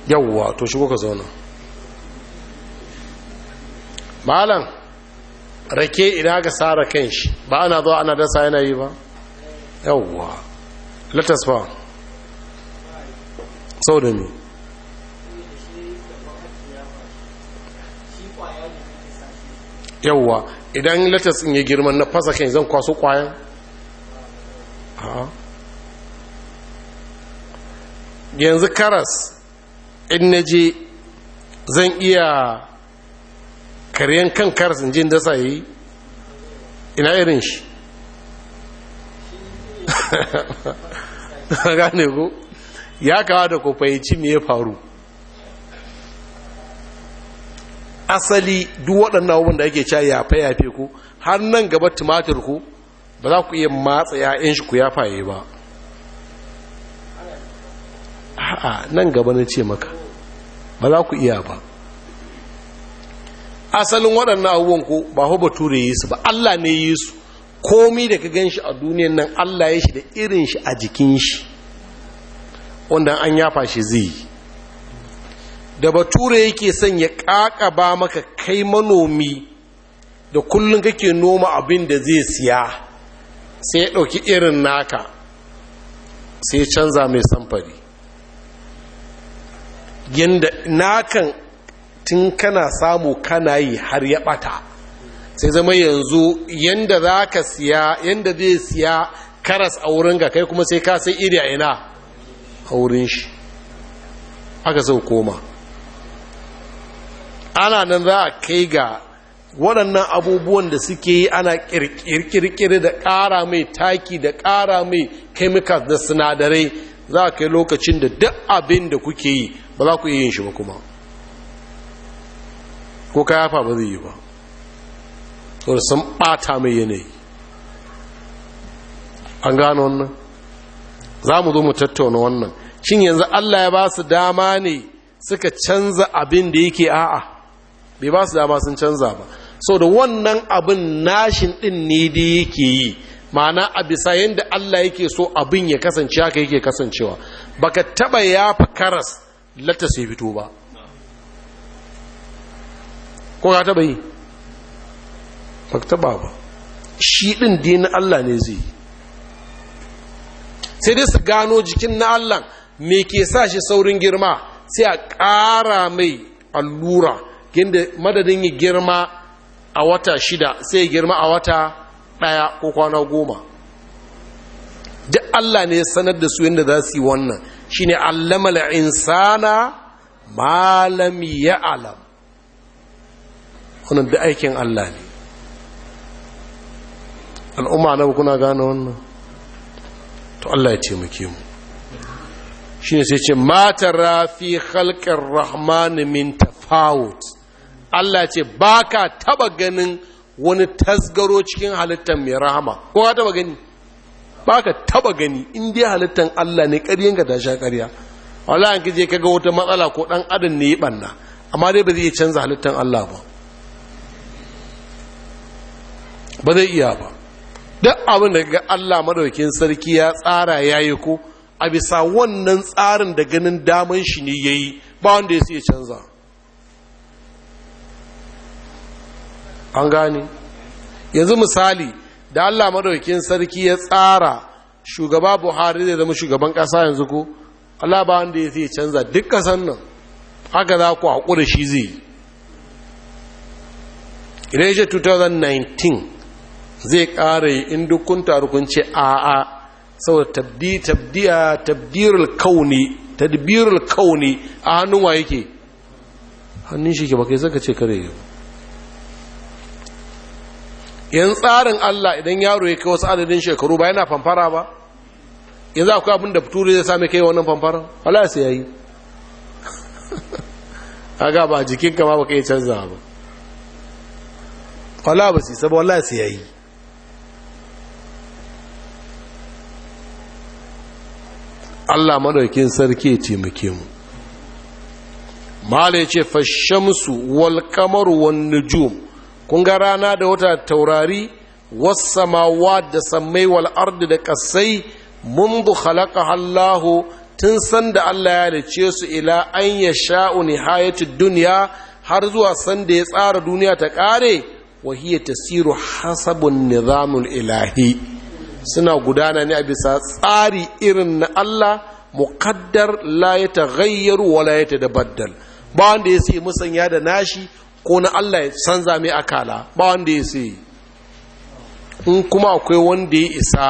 yawwa to shi ka zauna malam rake ina ga tsara kan shi ba ana zuwa ana dasa yana yi ba yawwa latas ba sau da ne yawwa idan latas in yi girman na fasa kai zan kwaso kwayan yanzu karas in na je zan iya karyan kan karas in jin dasa yi ina irin shi gane ku ya kawo da ku fahimci me ya faru asali duk waɗannan abubuwan da ake cewa yafe yafe ku har nan gaba tumatir ku ba za ku iya matsa ya'yan shi ku ya faye ba a'a nan gaba na ce maka ba za ku iya ba asalin waɗannan abubuwan ku ba hu ture yi su ba Allah ne yi su komi da ka gan shi a duniyan nan Allah ya shi da irin shi a jikin shi wanda an yafa shi zai da bature yake son ya ƙaƙaba maka kai manomi da kullum kake noma abin da zai siya sai ya ɗauki irin naka sai canza mai samfari yadda nakan tun kana samu kana yi har ya ɓata sai zama yanzu yadda za ka siya yadda zai siya karas a wurin ga kai kuma sai ka sai iri a ina a wurin shi aka sau koma ana nan za a kai ga waɗannan abubuwan da suke yi ana ƙirƙirƙiri da ƙara mai taki da ƙara mai chemicals da sinadarai za a kai lokacin da duk abin da kuke yi ba za ku iya yin shi ba kuma ko yafa ba zai yi ba sun ɓata mai yanayi an gano wannan za mu zo mu tattauna wannan shin yanzu Allah ya ba su dama ne suka canza abin da yake a'a bai ba su dama sun canza ba so da wannan abin nashin din ne da yake yi ma'ana a bisa yadda Allah yake so abin ya kasance haka yake kasancewa baka taba fi karas latta sai fito ba ko ka taba yi baka taba ba shi din dina Allah ne zai yi sai dai su gano jikin na allah me ke sa shi saurin girma sai a ƙara mai allura ginda madadin yi girma a wata shida sai girma a wata ɗaya ko kwana goma duk allah ne sanar da su yadda za su yi wannan shi ne allama insana malam ya alam wannan aikin allah ne al'umma na kuna gane wannan to Allah ya ce muke mu shi ne sai ce mata rafi halkar rahman min tafawut Allah ce ba ka taba ganin wani tasgaro cikin halittar mai rahama ko ka taba gani ba ka taba gani inda halittar Allah ne ƙaryen ka karya. sha ƙarya wala an kije kaga wata matsala ko dan adam ne ya banna amma dai ba zai iya canza halittar Allah ba ba zai iya ba duk abin da ga Allah madaukin sarki ya tsara yayi ko a bisa wannan tsarin da ganin daman shi ne yayi ba wanda ya sai canza an gane yanzu misali da Allah madaukin sarki ya tsara shugaba Buhari zai zama shugaban ƙasa yanzu ko Allah ba wanda ya sai canza duk kasan nan haka za ku haƙura shi zai yi 2019 zai ƙara yi in duk kun taru kun ce a'a saboda tabdi tabdiya tabdirul kauni tadbirul kauni a hannun wa yake hannun shi ke ba kai saka ce kare yi. yan tsarin Allah idan yaro ya kai wasu adadin shekaru ba yana fanfara ba yanzu akwai abin da fituri zai sami kai wannan fanfara? wala sai yayi aga ba jikin kama ba kai canza ba wala ba sai saboda wala sai yayi Allah madaukin sarki ya taimake mu mala yace fashamsu wal qamaru wan nujum kun ga rana da wata taurari was samawat da sammai wal ardi da kasai mundu khalaqa Allah tun sanda Allah ya halice su ila an sha'u nihayatud dunya har zuwa sanda ya tsara duniya ta kare wa hiya tasiru hasabun nizamul ilahi suna gudana ne a bisa tsari irin na Allah muqaddar la ya taghayyaru wa la ya tadabbal ba wanda ya sai musanya da nashi ko na Allah ya canza mai akala ba wanda ya sai in kuma akwai wanda ya isa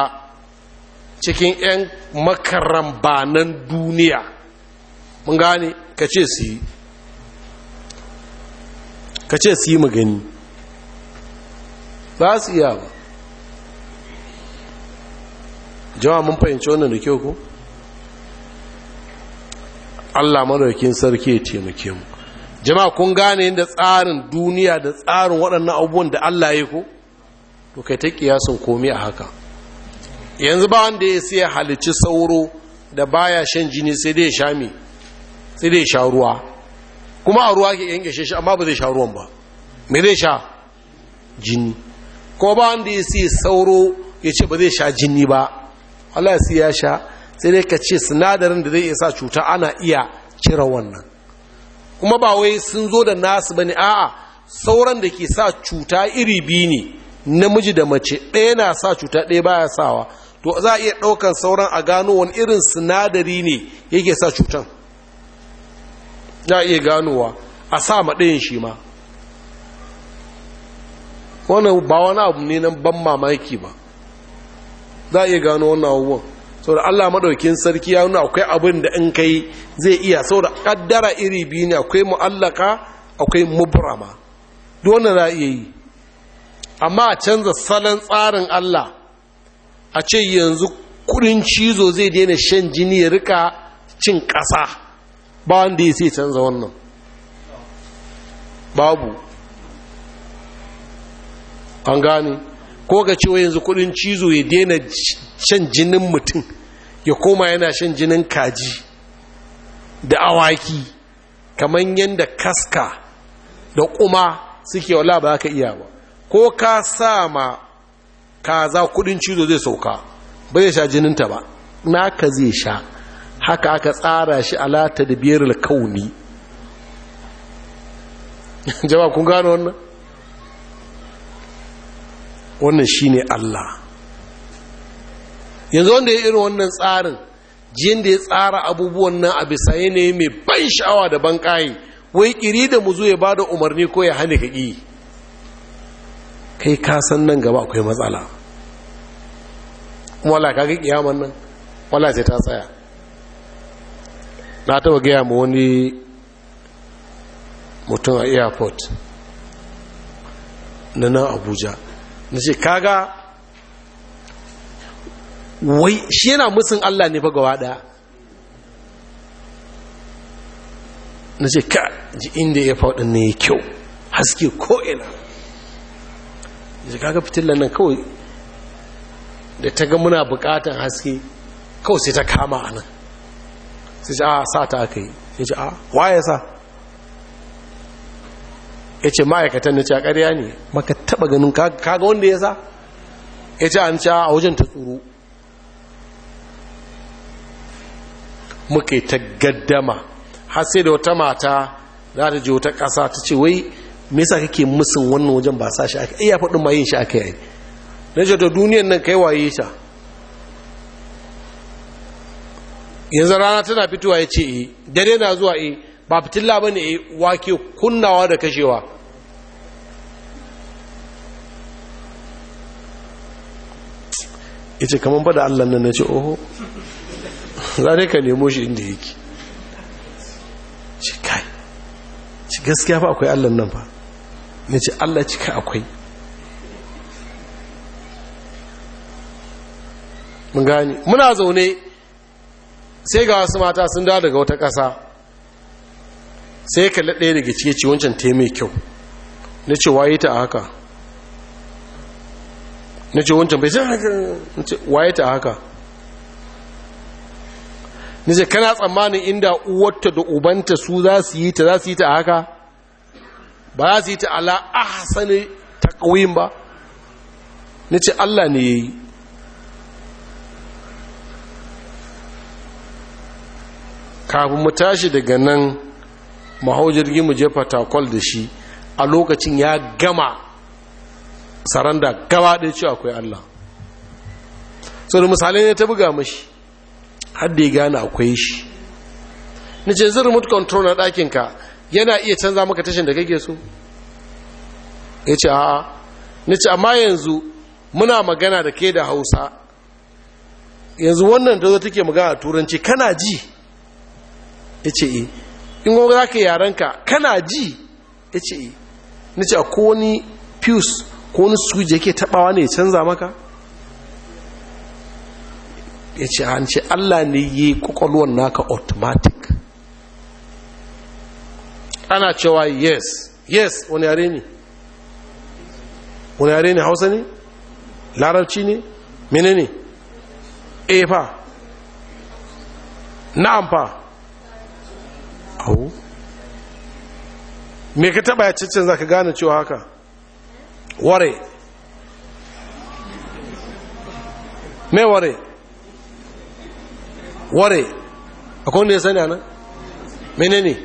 cikin 'yan banan duniya mun gane ka ce su yi ka ce su yi magani za su iya ba jama'a mun fahimci wannan da kyau ku Allah madaukin sarki ya taimake mu jama'a kun gane inda tsarin duniya da tsarin waɗannan abubuwan da Allah ya ku to kai ta kiyasin komai a haka yanzu ba wanda ya sai halicci sauro da baya shan jini sai dai sha mi sai dai sha ruwa kuma a ruwa ke yanke shi amma ba zai sha ruwan ba me zai sha jini ko ba wanda ya sai sauro ya ce ba zai sha jini ba Allah ya sha sai dai ka ce sinadarin da zai iya sa cuta ana iya cire wannan kuma ba wai sun zo da nasu bane a'a sauran da ke sa cuta iri biyu ne namiji da mace ɗaya na sa cuta ɗaya baya sawa to za a iya ɗaukar sauran a gano wani irin sinadari ne yake sa cutan za a iya ganowa a sa ma ɗayan shi ma wannan ba wani abu ne nan ban mamaki ba za a iya gano wannan abubuwan da Allah maɗaukin sarki ya nuna akwai abin da in kai zai iya da ƙaddara iri biyu ne akwai mu'allaka akwai mubrama duk wannan za a iya yi amma a canza salon tsarin Allah a ce yanzu kudin cizo zai daina shan jini ya rika cin ƙasa ba wanda ya sai canza wannan babu an gane ko ga cewa yanzu kudin cizo ya daina shan jinin mutum ya koma yana shan jinin kaji da awaki kamar yadda kaska da kuma suke wala ba ka iya ba ko ka sa ma kaza kudin cizo zai sauka ba zai sha jininta ba naka zai sha haka aka tsara shi alata da biyar kauni jama'a kun gano wannan wannan shi ne Allah yanzu wanda ya irin wannan tsarin jin da ya tsara abubuwan nan a bisa yanayi mai ban sha'awa da ban ƙayi wai ƙiri da mu zo ya ba da umarni ko ya hane ka ƙi kai kasan nan gaba akwai matsala kuma wala kaga kiyaman nan wala sai ta tsaya na taba gaya ma wani mutum a airport na nan abuja na kaga wai shi yana musun Allah ne fa gaba ɗaya na ka ji inda ya faɗin ne ya kyau haske ko'ina ji kaga fitilan nan kawai da ta ga muna bukatan haske kawai sai ta kama a nan sai ce a sa ta aka yi sai ce a waye sa ya ce ma'aikatan na cakar ya ne maka taɓa ganin kaga wanda ya sa ya ce an ca a wajen ta tsoro muka ta gaddama har sai da wata mata za ta je wata ƙasa ta ce wai me sa kake musun wannan wajen ba sa shi aka iya faɗin ma shi aka yi na ce to duniyan nan kai waye ta yanzu rana tana fitowa ya ce eh, dare na zuwa eh ba fitilla ba ne wake kunnawa da kashewa ita kamar ba da allan nan na ce oho za ne ka nemo shi inda yake cikai ci gaskiya fa akwai allan nan ba na ce allah cika akwai mun gani muna zaune sai ga wasu mata sun da daga wata ƙasa sai ka laɗe daga cike ce wancan ta mai kyau na ce waye ta haka na ce wancan bai ce waye ta haka na ce kana tsammanin inda uwarta da ubanta su za su yi ta za su yi ta haka ba za su yi ta ala a ta taqwim ba na ce Allah ne ya yi kafin mu tashi daga nan mu hau jirgin mu je Fatakwal da shi a lokacin ya gama saranda gaba ɗaya cewa akwai Allah so da misalai ne ta buga mashi har da ya gane akwai shi na ce zai remote control na ɗakinka yana iya canza maka tashin da kake so ya ce a'a ni ce amma yanzu muna magana da ke da hausa yanzu wannan da zo take magana turanci kana ji ya ce eh. in gwamnati za ka yarenka kana ji ya ce eh. na ce ko wani fuse ko wani suji yake taɓawa ne canza maka ya ce an ce allah ne yi kwakwalwar naka automatic ana cewa yes yes wani yare ne wani yare ne hausa ne larabci ne mene ne efa na'am fa au me ka taba ya cicin za ka gane cewa haka ware me ware ware akwai wanda ya sani ana? menene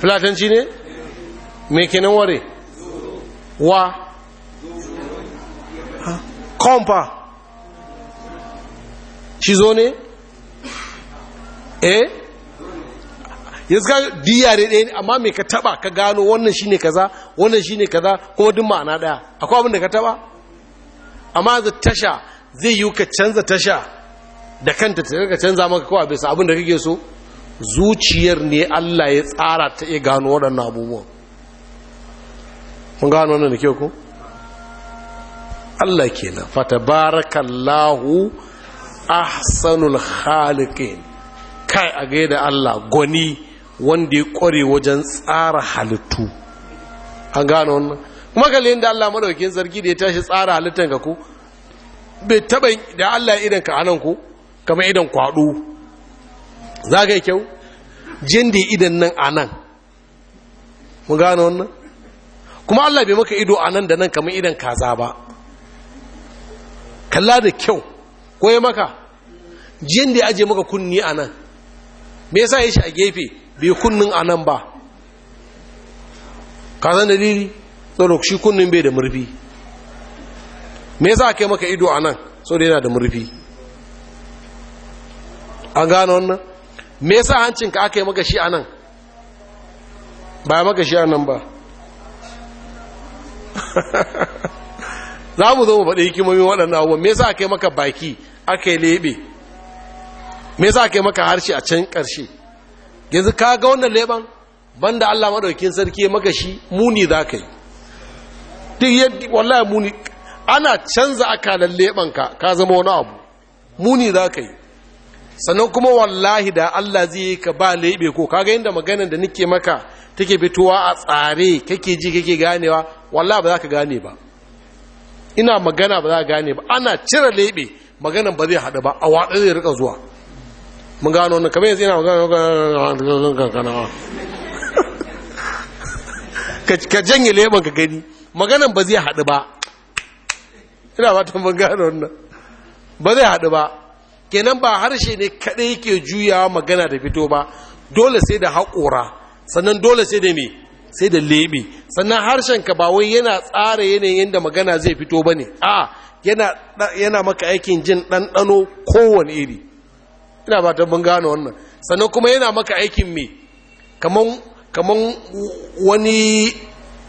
filatanci ne me kenan ware wa kompa shi zo ne eh ya ka diya da ɗaya amma mai ka taba ka gano wannan shi ne kaza wannan shi ne kaza kuma duk ma'ana ɗaya akwai abin da ka taba amma za tasha zai yi ka canza tasha da kanta ta ka canza maka kawai bisa abin da kake so zuciyar ne Allah ya tsara ta iya gano waɗannan abubuwan mun gano wannan da kyau ku? Allah ke na fata barakallahu ahsanul khaliqin kai a da Allah gwani wanda ya kware wajen tsara halittu an gano wannan kuma kalli da Allah madaukin zargi da ya tashi tsara halittan ka ko bai taba da Allah idan ka anan ko kama idan kwado za ka yi kyau jin da idan nan anan Mu gano wannan kuma Allah bai maka ido anan da nan kama idan kaza ba kalla da kyau ko ya maka jin da ya aje maka kunni anan me yasa ya shi a gefe bai kunnin a nan ba ka san dalili tsoro shi kunnin bai da murfi me yasa kai maka ido a nan so da yana da murfi an gano wannan me yasa hancinka aka yi maka shi a nan ba maka shi a nan ba za mu zo mu faɗi hikimomin waɗannan abubuwan me yasa aka yi maka baki aka yi lebe me yasa yi maka harshe a can ƙarshe yanzu ka ga wannan leban banda Allah maɗaukin sarki ya maka shi muni za ka yi duk yadda wallahi muni ana canza akalan leban ka ka zama wani abu muni za ka yi sannan kuma wallahi da Allah zai yi ka ba leɓe ko Ka kaga inda maganar da nike maka take fitowa a tsare kake ji kake ganewa wallahi ba za ka gane ba ina magana ba za ka gane ba ana cire leɓe maganar ba zai haɗu ba a waɗanda zai rika zuwa mun gano wannan kamar yanzu yana magana kankana ka janye leban ka gani maganan ba zai haɗu ba ina ba ta mun gano wannan ba zai haɗu ba kenan ba harshe ne kaɗai yake juyawa magana da fito ba dole sai da haƙora sannan dole sai da me sai da lebe sannan harshen ka ba wai yana tsara yanayin da magana zai fito ba ne a yana maka aikin jin ɗanɗano kowane iri ina ba ta mun wannan sannan kuma yana maka aikin me Kamar wani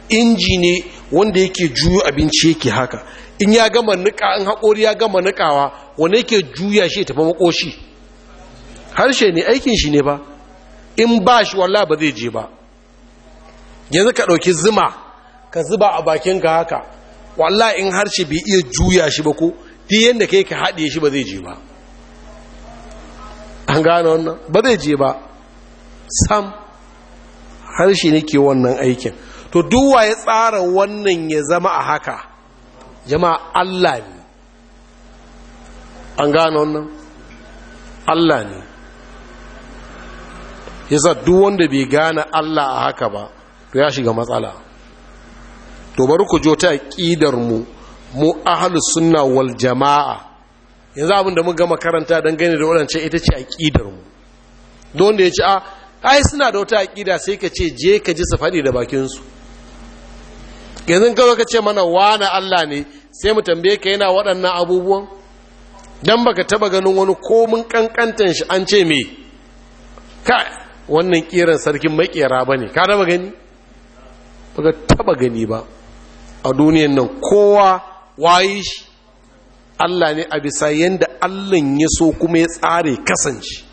inji ne wanda yake juyo abinci yake haka in ya gama nika in haƙori ya gama nikawa wanda yake juya shi tafi makoshi harshe ne aikin shi ne ba in ba shi walla ba zai je ba yanzu ka ɗauki zuma ka zuba a bakinka haka walla in harshe bai iya juya shi ba ko duk yadda yi ka haɗe shi ba zai je ba an gane wannan ba zai je ba sam harshe ne ke wannan aikin to duwa ya tsara wannan ya zama a haka jama'a Allah ne an gane wannan Allah ne ya duk wanda bai gane Allah a haka ba to ya shiga matsala to bari ku jo ta kidar mu mu ahlus sunna wal jama'a yanzu abin da mun gama karanta don gani da waɗancan ita ce aƙidar mu don da ya ci a ai suna da wata aƙida sai ka ce je ka ji su faɗi da bakinsu yanzu kawai ka ce mana wane Allah ne sai mu tambaye ka yana waɗannan abubuwan dan baka taba ganin wani komin ƙanƙantan shi an ce me ka wannan ƙiran sarkin makera bane ka taba gani baka taba gani ba a duniyan nan kowa wayi shi Allah ne a bisa yadda Allah ya so kuma ya tsare kasance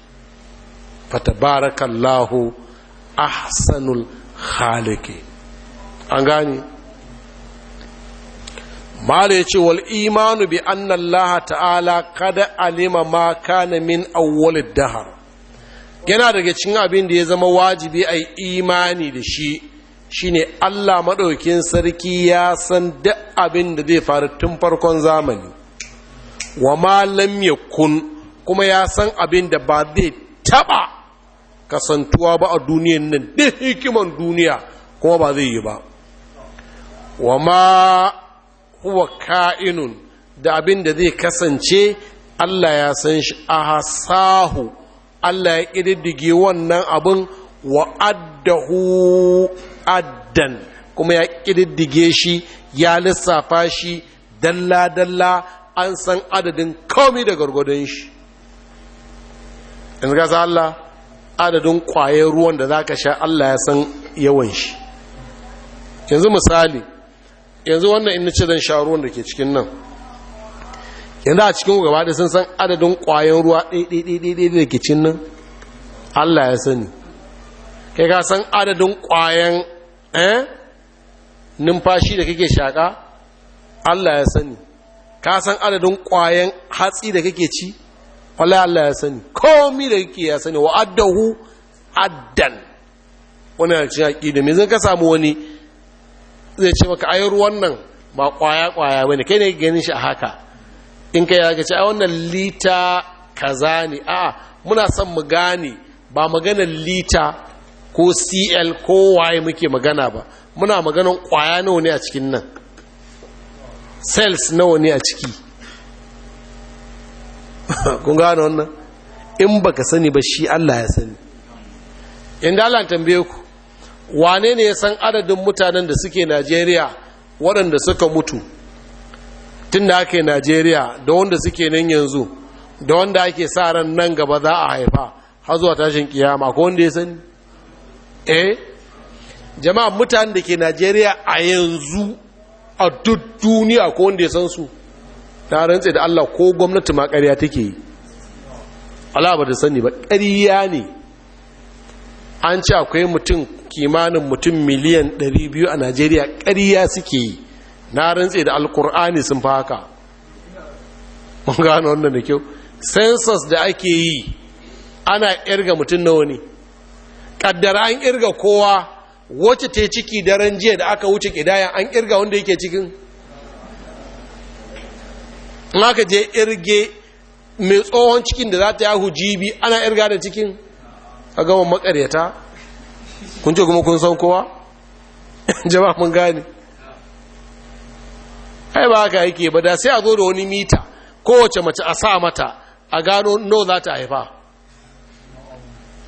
fata fatabarakallahu ahsanul khaliki an gane mala ya ce wal imanu bi anna Allah ta'ala kada alima ma kana min awwalid dahar yana daga cikin abin da ya zama wajibi a imani da shi shine Allah maɗaukin sarki ya san duk abin da zai faru tun farkon zamani wa ma lam yakun kuma ya san abin da ba zai taba kasantuwa ba a duniyan nan duk hikiman duniya kuma ba zai yi ba wa ma huwa ka'inun da abin da zai kasance Allah ya san shi a hasahu, Allah ya ƙididdige wannan abin wa addahu addan kuma ya ƙididdige shi ya lissafa shi dalla-dalla an san adadin komi da gargwadon shi in gasa Allah adadin kwayar ruwan da za ka sha Allah ya san yawan shi yanzu misali yanzu wannan in ce zan sha ruwan da ke cikin nan yanzu a cikin gaba da sun san adadin kwayan ruwa ɗaiɗaiɗaiɗaiɗai da ke cikin nan Allah ya sani kai ka san adadin kwayan eh, numfashi da kake shaƙa Allah ya sani ka san adadin ƙwayen hatsi da kake ci wala Allah ya sani komi da kake ya sani wa addahu addan wani a cikin me zan ka samu wani zai ce maka ayar ruwan ba ƙwaya ƙwaya ne. kai ne ganin shi a haka in kai ya ce a wannan lita kaza ne a muna son mu gane ba maganar lita ko cl ko waye muke magana ba muna maganar ƙwaya nawa ne a cikin nan cells nawa ne a ciki kun gano wannan in baka sani ba shi Allah ya sani in Allah tambaye ku wane ne ya san adadin mutanen da suke Najeriya waɗanda suka mutu tun da ake Najeriya da wanda suke nan yanzu da wanda ake sa ran nan gaba za a haifa har zuwa tashin kiyama ko wanda ya sani eh jama'a mutanen da ke Najeriya a yanzu a duk duniya ko wanda ya san su ta rantse da Allah ko gwamnati ma ƙarya take yi Allah ba da sani ba ƙarya ne an ce akwai mutum kimanin mutum miliyan 200 a Najeriya ƙarya suke yi na rantse da alkur'ani sun fa haka mun gano wannan da kyau census da ake yi ana ƙirga mutum nawa ne kaddara an ƙirga kowa wacce ta ciki daren jiya da aka wuce kidaya an kirga wanda yake cikin in aka je irge mai tsohon cikin da za ta yahu jibi ana irga da cikin a gama makaryata kun ce kuma kun san kowa Jam'a mun gane ai ba haka yake ba da sai a zo da wani mita kowace mace a sa mata a gano no za ta haifa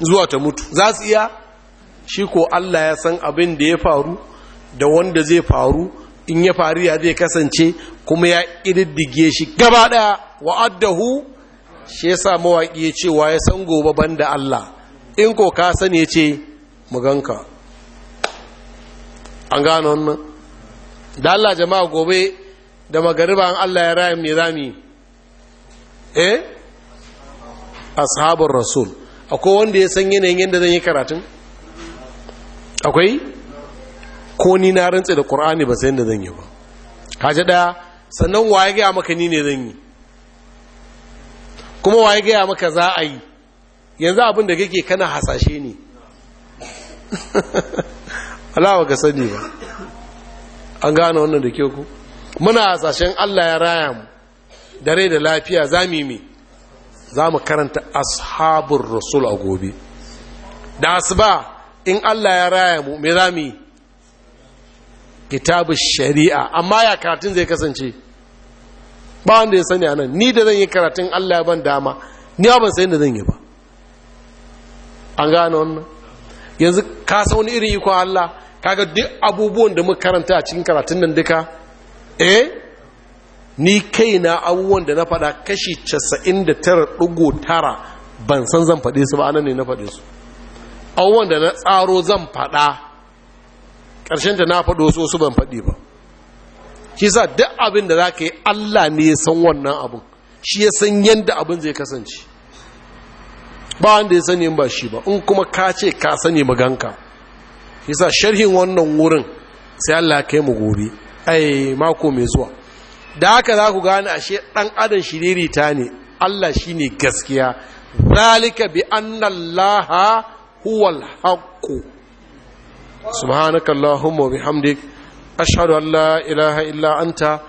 zuwa ta mutu za su iya shi ko Allah ya san abin da ya faru da wanda zai faru in ya faru ya zai kasance kuma ya ƙididdige shi gaba ɗaya wa'addahu shi ya sa waƙi ya ce wa ya san gobe ban da Allah in ko ka sani ya ce muganka an gano wannan da Allah jama'a gobe da magariba an Allah ya raya mai zami eh ashabar rasul akwai wanda ya san yanayin yadda zan yi karatun akwai ko ni na rantse da ƙur'ani ba sai yadda zan yi ba haji ɗaya sannan waye gaya maka ni ne zan yi kuma waye gaya maka za a yi yanzu abin da kake kana hasashe ne alawa ka sani ba an gane wannan da ke ku muna hasashen allah ya raya mu Dare da lafiya za mu yi za mu karanta ashabun rasul a gobe da asuba in Allah ya raya mu me za mu yi kitabu shari'a amma ya karatun zai kasance ba wanda ya sani anan ni da zan yi karatun Allah ban dama ni ban san da zan yi ba an gane wannan yanzu ka san wani irin iko Allah kaga duk abubuwan da muka karanta a cikin karatun nan duka eh ni na abubuwan da na faɗa kashi 99.9 ban san zan faɗe su ba anan ne na faɗe su abubuwan da na tsaro zan faɗa da na faɗo so su ban faɗi ba shi sa duk abin da za ka yi allah ne ya san wannan abin shi ya san yadda abin zai kasance ba wanda ya sani ba shi ba in kuma ka ce ka sani maganka shi sa sharhin wannan wurin sai allah kai mu gobe ai mako mai zuwa da haka za ku gane ashe ɗan adam shiririta ne allah shi ne gaskiya zalika bi annallaha huwal haqqu bihamdik ashhadu an la ilaha illa anta